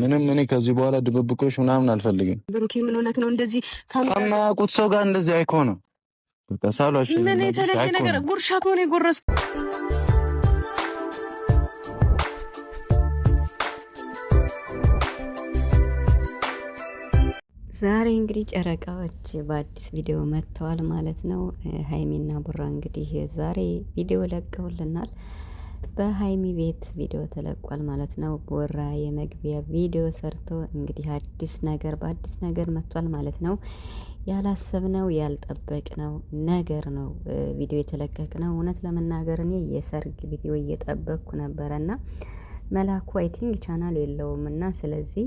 ምንም እኔ ከዚህ በኋላ ድብብቆች ምናምን አልፈልግም። ብሩኬ ምን እውነት ነው እንደዚህ ከማያውቁት ሰው ጋር እንደዚህ አይኮንም። ተሳሏሽ ምን የተለየ ነገር ጉርሻ ከሆነ የጎረስኩ ዛሬ እንግዲህ ጨረቃዎች በአዲስ ቪዲዮ መጥተዋል ማለት ነው። ሀይሚና ቡራ እንግዲህ ዛሬ ቪዲዮ ለቀውልናል። በሀይሚ ቤት ቪዲዮ ተለቋል ማለት ነው። ቦራ የመግቢያ ቪዲዮ ሰርቶ እንግዲህ አዲስ ነገር በአዲስ ነገር መጥቷል ማለት ነው። ያላሰብነው ያልጠበቅነው ነገር ነው ቪዲዮ የተለቀቅነው። እውነት ለመናገር እኔ የሰርግ ቪዲዮ እየጠበቅኩ እና መላኩ አይ ቲንክ ቻናል የለውም እና ስለዚህ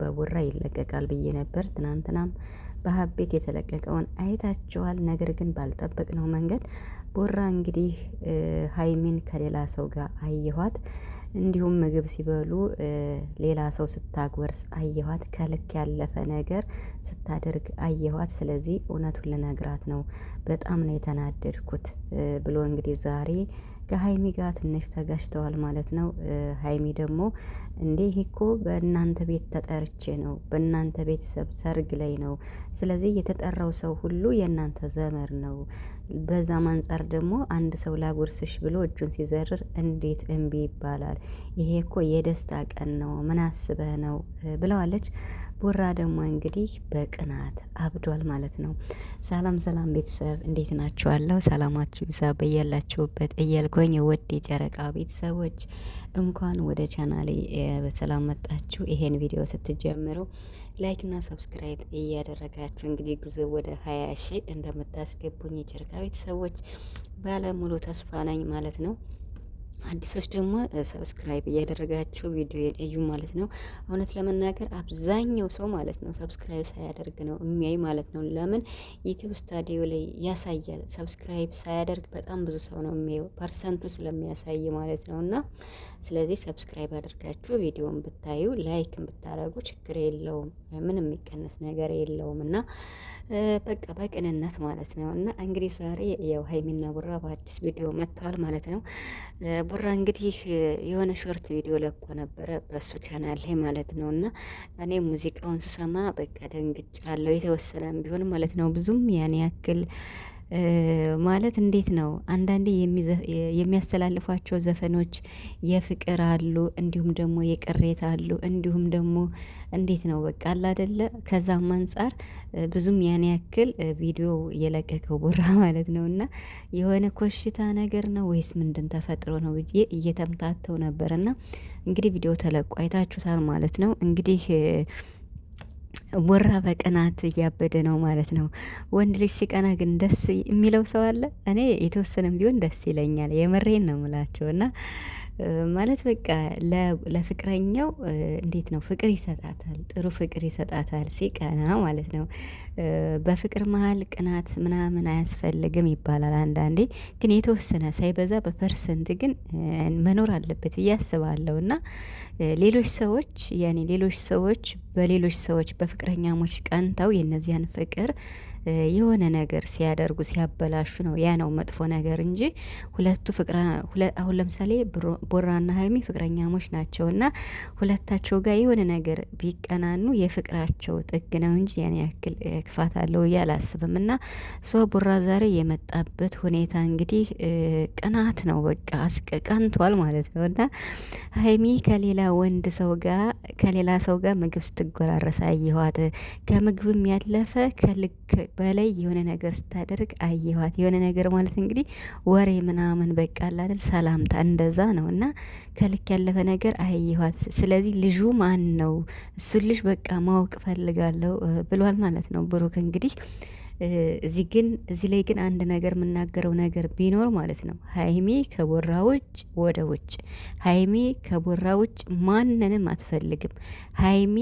በቦራ ይለቀቃል ብዬ ነበር። ትናንትናም በሀቤት የተለቀቀውን አይታችኋል። ነገር ግን ባልጠበቅነው መንገድ ቦራ እንግዲህ ሀይሚን ከሌላ ሰው ጋር አየኋት። እንዲሁም ምግብ ሲበሉ ሌላ ሰው ስታጎርስ አየኋት። ከልክ ያለፈ ነገር ስታደርግ አየኋት። ስለዚህ እውነቱን ልነግራት ነው፣ በጣም ነው የተናደድኩት ብሎ እንግዲህ ዛሬ ከሀይሚ ጋር ትንሽ ተጋጭተዋል ማለት ነው። ሀይሚ ደግሞ እንዴ ይሄ እኮ በእናንተ ቤት ተጠርቼ ነው፣ በእናንተ ቤተሰብ ሰርግ ላይ ነው። ስለዚህ የተጠራው ሰው ሁሉ የእናንተ ዘመር ነው። በዛም አንጻር ደግሞ አንድ ሰው ላጉርስሽ ብሎ እጁን ሲዘርር እንዴት እምቢ ይባላል? ይሄ እኮ የደስታ ቀን ነው። ምን አስበህ ነው ብለዋለች። ቡራ ደግሞ እንግዲህ በቅናት አብዷል ማለት ነው። ሰላም ሰላም ቤተሰብ እንዴት ናችኋለሁ? ሰላማችሁ ይብዛ በያላችሁበት እያልኩኝ ወድ የጨረቃ ቤተሰቦች እንኳን ወደ ቻናሌ በሰላም መጣችሁ። ይሄን ቪዲዮ ስትጀምሩ ላይክና ሰብስክራይብ እያደረጋችሁ እንግዲህ ጉዞ ወደ ሀያ ሺህ እንደምታስገቡኝ የጨረቃ ቤተሰቦች ባለሙሉ ተስፋ ነኝ ማለት ነው። አዲሶች ደግሞ ሰብስክራይብ እያደረጋችሁ ቪዲዮ እዩ ማለት ነው። እውነት ለመናገር አብዛኛው ሰው ማለት ነው ሰብስክራይብ ሳያደርግ ነው የሚያይ ማለት ነው። ለምን ዩቲዩብ ስታዲዮ ላይ ያሳያል። ሰብስክራይብ ሳያደርግ በጣም ብዙ ሰው ነው የሚያየው ፐርሰንቱ ስለሚያሳይ ማለት ነው። እና ስለዚህ ሰብስክራይብ አድርጋችሁ ቪዲዮን ብታዩ ላይክን ብታደርጉ ችግር የለውም፣ ምን የሚቀነስ ነገር የለውም። እና በቃ በቅንነት ማለት ነው። እና እንግዲህ ዛሬ ያው ሀይሚና ቡራ በአዲስ ቪዲዮ መጥተዋል ማለት ነው። ቡራ እንግዲህ የሆነ ሾርት ቪዲዮ ለቆ ነበረ በሱ ቻናል ላይ ማለት ነው። እና እኔ ሙዚቃውን ስሰማ በቃ ደንግጫለሁ የተወሰነም ቢሆን ማለት ነው ብዙም ያን ያክል ማለት እንዴት ነው አንዳንዴ የሚያስተላልፏቸው ዘፈኖች የፍቅር አሉ፣ እንዲሁም ደግሞ የቅሬታ አሉ፣ እንዲሁም ደግሞ እንዴት ነው በቃ አለ አይደለ። ከዛም አንጻር ብዙም ያን ያክል ቪዲዮ የለቀቀው ቦራ ማለት ነው እና የሆነ ኮሽታ ነገር ነው ወይስ ምንድን ተፈጥሮ ነው ብዬ እየተምታተው ነበር። እና እንግዲህ ቪዲዮ ተለቆ አይታችሁታል ማለት ነው እንግዲህ ወራ በቅናት እያበደ ነው ማለት ነው። ወንድ ልጅ ሲቀና ግን ደስ የሚለው ሰው አለ። እኔ የተወሰነም ቢሆን ደስ ይለኛል። የምሬን ነው ምላቸው እና ማለት በቃ ለፍቅረኛው እንዴት ነው ፍቅር ይሰጣታል፣ ጥሩ ፍቅር ይሰጣታል፣ ሲቀና ማለት ነው። በፍቅር መሀል ቅናት ምናምን አያስፈልግም ይባላል አንዳንዴ። ግን የተወሰነ ሳይበዛ በፐርሰንት ግን መኖር አለበት ብዬ እና ሌሎች ሰዎች ያኔ ሌሎች ሰዎች በሌሎች ሰዎች በፍቅረኛሞች ቀንተው የእነዚያን ፍቅር የሆነ ነገር ሲያደርጉ ሲያበላሹ ነው። ያ ነው መጥፎ ነገር እንጂ ሁለቱ ፍቅራ አሁን ለምሳሌ ቦራና ሀይሚ ፍቅረኛሞች ናቸው እና ሁለታቸው ጋር የሆነ ነገር ቢቀናኑ የፍቅራቸው ጥግ ነው እንጂ ያን ያክል ክፋት አለው እያ አላስብም። እና ሶ ቦራ ዛሬ የመጣበት ሁኔታ እንግዲህ ቅናት ነው። በቃ አስቀቃንቷል ማለት ነው እና ሀይሚ ከሌላ ወንድ ሰው ጋር ከሌላ ሰው ጋር ምግብ ስትጎራረሳ ይኋት ከምግብም ያለፈ ከልክ በላይ የሆነ ነገር ስታደርግ አየኋት። የሆነ ነገር ማለት እንግዲህ ወሬ ምናምን በቃ አላል ሰላምታ እንደዛ ነው። እና ከልክ ያለፈ ነገር አየኋት። ስለዚህ ልጁ ማን ነው? እሱን ልጅ በቃ ማወቅ ፈልጋለሁ ብሏል ማለት ነው ብሩክ እንግዲህ እዚህ ግን እዚህ ላይ ግን አንድ ነገር የምናገረው ነገር ቢኖር ማለት ነው ሀይሚ ከቦራ ውጭ ወደ ውጭ ሀይሚ ከቦራ ውጭ ማንንም አትፈልግም። ሀይሚ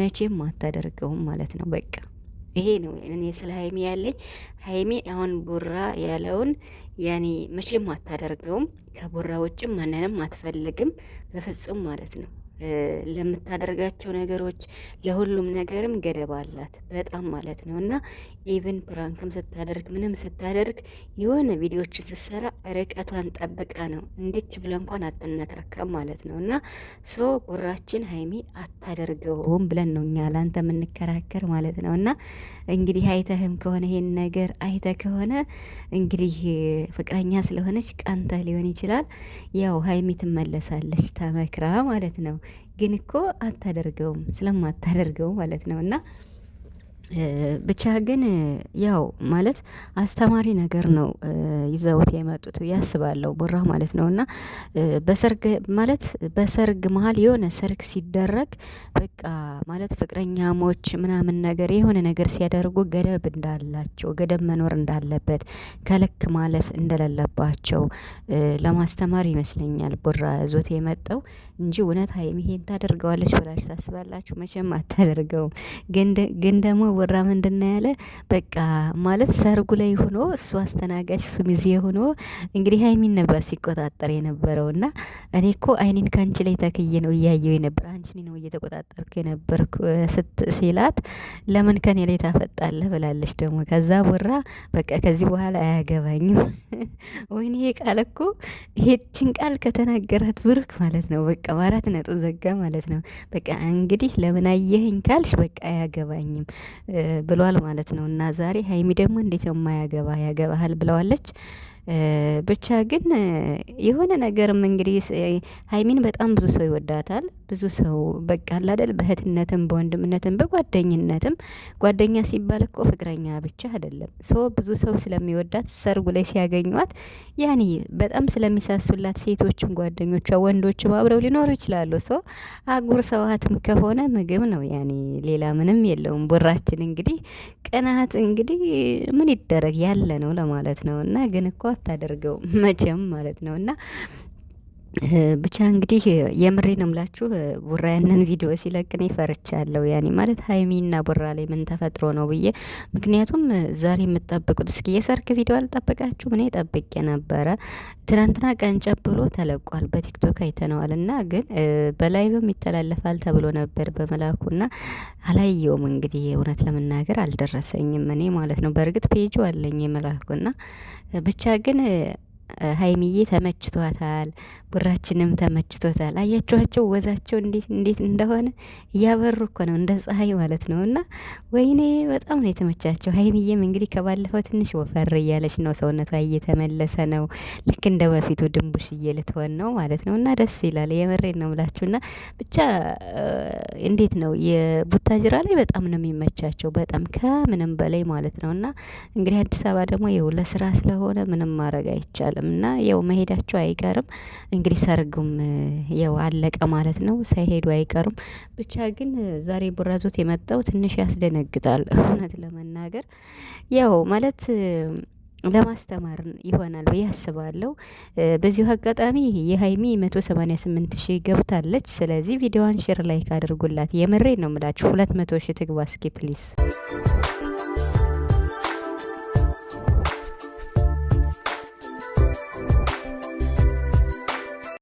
መቼም አታደርገውም ማለት ነው በቃ ይሄ ነው እኔ ስለ ሀይሚ ያለኝ። ሀይሚ አሁን ቡራ ያለውን ያኔ መቼም አታደርገውም። ከቡራ ውጭም ማንንም አትፈልግም በፍጹም ማለት ነው። ለምታደርጋቸው ነገሮች ለሁሉም ነገርም ገደብ አላት በጣም ማለት ነው። እና ኢቭን ፕራንክም ስታደርግ ምንም ስታደርግ የሆነ ቪዲዮችን ስትሰራ ርቀቷን ጠብቃ ነው እንዲች ብለ እንኳን አትነካከም ማለት ነው። እና ሶ ጉራችን ሀይሚ አታደርገውም ብለን ነው እኛ ለአንተ የምንከራከር ማለት ነው። እና እንግዲህ አይተህም ከሆነ ይሄን ነገር አይተ ከሆነ እንግዲህ ፍቅረኛ ስለሆነች ቃንተ ሊሆን ይችላል። ያው ሀይሚ ትመለሳለች ተመክራ ማለት ነው። ግን እኮ አታደርገውም ስለማታደርገው ማለት ነው እና ብቻ ግን ያው ማለት አስተማሪ ነገር ነው ይዘውት የመጡት ያስባለው ቡራ ማለት ነው እና በሰርግ ማለት በሰርግ መሀል የሆነ ሰርግ ሲደረግ በቃ ማለት ፍቅረኛሞች ምናምን ነገር የሆነ ነገር ሲያደርጉ ገደብ እንዳላቸው ገደብ መኖር እንዳለበት ከልክ ማለፍ እንደሌለባቸው ለማስተማር ይመስለኛል ቡራ ዞት የመጣው እንጂ እውነት ሀይሚ ይሄን ታደርገዋለች ብላችሁ ታስባላችሁ? መቼም አታደርገውም። ግን ደግሞ ሲያወራ ምንድን ነው ያለ? በቃ ማለት ሰርጉ ላይ ሆኖ እሱ አስተናጋጅ እሱ ሚዜ ሆኖ እንግዲህ ሀይሚን ነበር ሲቆጣጠር የነበረው እና እኔ እኮ አይኔን ከአንቺ ላይ ተክዬ ነው እያየው የነበር አንቺ ነው እየተቆጣጠርኩ የነበር ስት ሲላት ለምን ከኔ ላይ ታፈጣለ ብላለች። ደግሞ ከዛ ቦራ በቃ ከዚህ በኋላ አያገባኝም። ወይኔ ይሄ ቃል እኮ ይሄችን ቃል ከተናገራት ብሩክ ማለት ነው በቃ በአራት ነጥብ ዘጋ ማለት ነው። በቃ እንግዲህ ለምን አየህኝ ካልሽ በቃ አያገባኝም ብሏል ማለት ነው። እና ዛሬ ሀይሚ ደግሞ እንዴት ነው የማያገባ ያገባሃል ብለዋለች። ብቻ ግን የሆነ ነገርም እንግዲህ ሀይሚን በጣም ብዙ ሰው ይወዳታል። ብዙ ሰው በቃ አላደል በእህትነትም በወንድምነትም በጓደኝነትም ጓደኛ ሲባል እኮ ፍቅረኛ ብቻ አይደለም። ሶ ብዙ ሰው ስለሚወዳት ሰርጉ ላይ ሲያገኟት ያኔ በጣም ስለሚሳሱላት ሴቶችም ጓደኞቿ ወንዶችም አብረው ሊኖሩ ይችላሉ። ሶ አጉር ሰዋትም ከሆነ ምግብ ነው ያኔ ሌላ ምንም የለውም። ቦራችን እንግዲህ ቅናት እንግዲህ ምን ይደረግ ያለ ነው ለማለት ነው እና ግን እኳ አታደርገው መቼም ማለት ነው እና ብቻ እንግዲህ የምሬ ነው ምላችሁ ቡራ ያንን ቪዲዮ ሲለቅኔ ፈርቻለሁ። ያኔ ማለት ሀይሚና ቡራ ላይ ምን ተፈጥሮ ነው ብዬ። ምክንያቱም ዛሬ የምጠብቁት እስኪ የሰርክ ቪዲዮ አልጠበቃችሁም? እኔ ጠብቄ ነበረ። ትናንትና ቀንጨብ ብሎ ተለቋል፣ በቲክቶክ አይተነዋል። እና ግን በላይቭም ይተላለፋል ተብሎ ነበር በመላኩና አላየውም። እንግዲህ እውነት ለመናገር አልደረሰኝም እኔ ማለት ነው። በእርግጥ ፔጁ አለኝ የመላኩና ብቻ ግን ሀይሚዬ ተመችቷታል፣ ቡራችንም ተመችቶታል። አያችኋቸው ወዛቸው እንዴት እንዴት እንደሆነ እያበሩ እኮ ነው እንደ ፀሐይ ማለት ነው። እና ወይኔ በጣም ነው የተመቻቸው። ሀይሚዬም እንግዲህ ከባለፈው ትንሽ ወፈር እያለች ነው፣ ሰውነቷ እየተመለሰ ነው። ልክ እንደ በፊቱ ድንቡሽ እየልትሆን ነው ማለት ነው። እና ደስ ይላል። የመሬን ነው ምላችሁና ብቻ እንዴት ነው የቡታጅራ ላይ በጣም ነው የሚመቻቸው፣ በጣም ከምንም በላይ ማለት ነው። እና እንግዲህ አዲስ አበባ ደግሞ ይኸው ለስራ ስለሆነ ምንም ማድረግ አይቻልም። እና ያው መሄዳቸው አይቀርም እንግዲህ ሰርጉም ያው አለቀ ማለት ነው። ሳይሄዱ አይቀሩም። ብቻ ግን ዛሬ ቡራ የመጣው ትንሽ ያስደነግጣል እውነት ለመናገር ያው ማለት ለማስተማር ይሆናል ብዬ አስባለሁ። በዚሁ አጋጣሚ የሀይሚ መቶ ሰማኒያ ስምንት ሺህ ገብታለች። ስለዚህ ቪዲዮዋን ሽር ላይክ አድርጉላት። የምሬ ነው ምላችሁ ሁለት መቶ ሺህ ትግባ እስኪ ፕሊዝ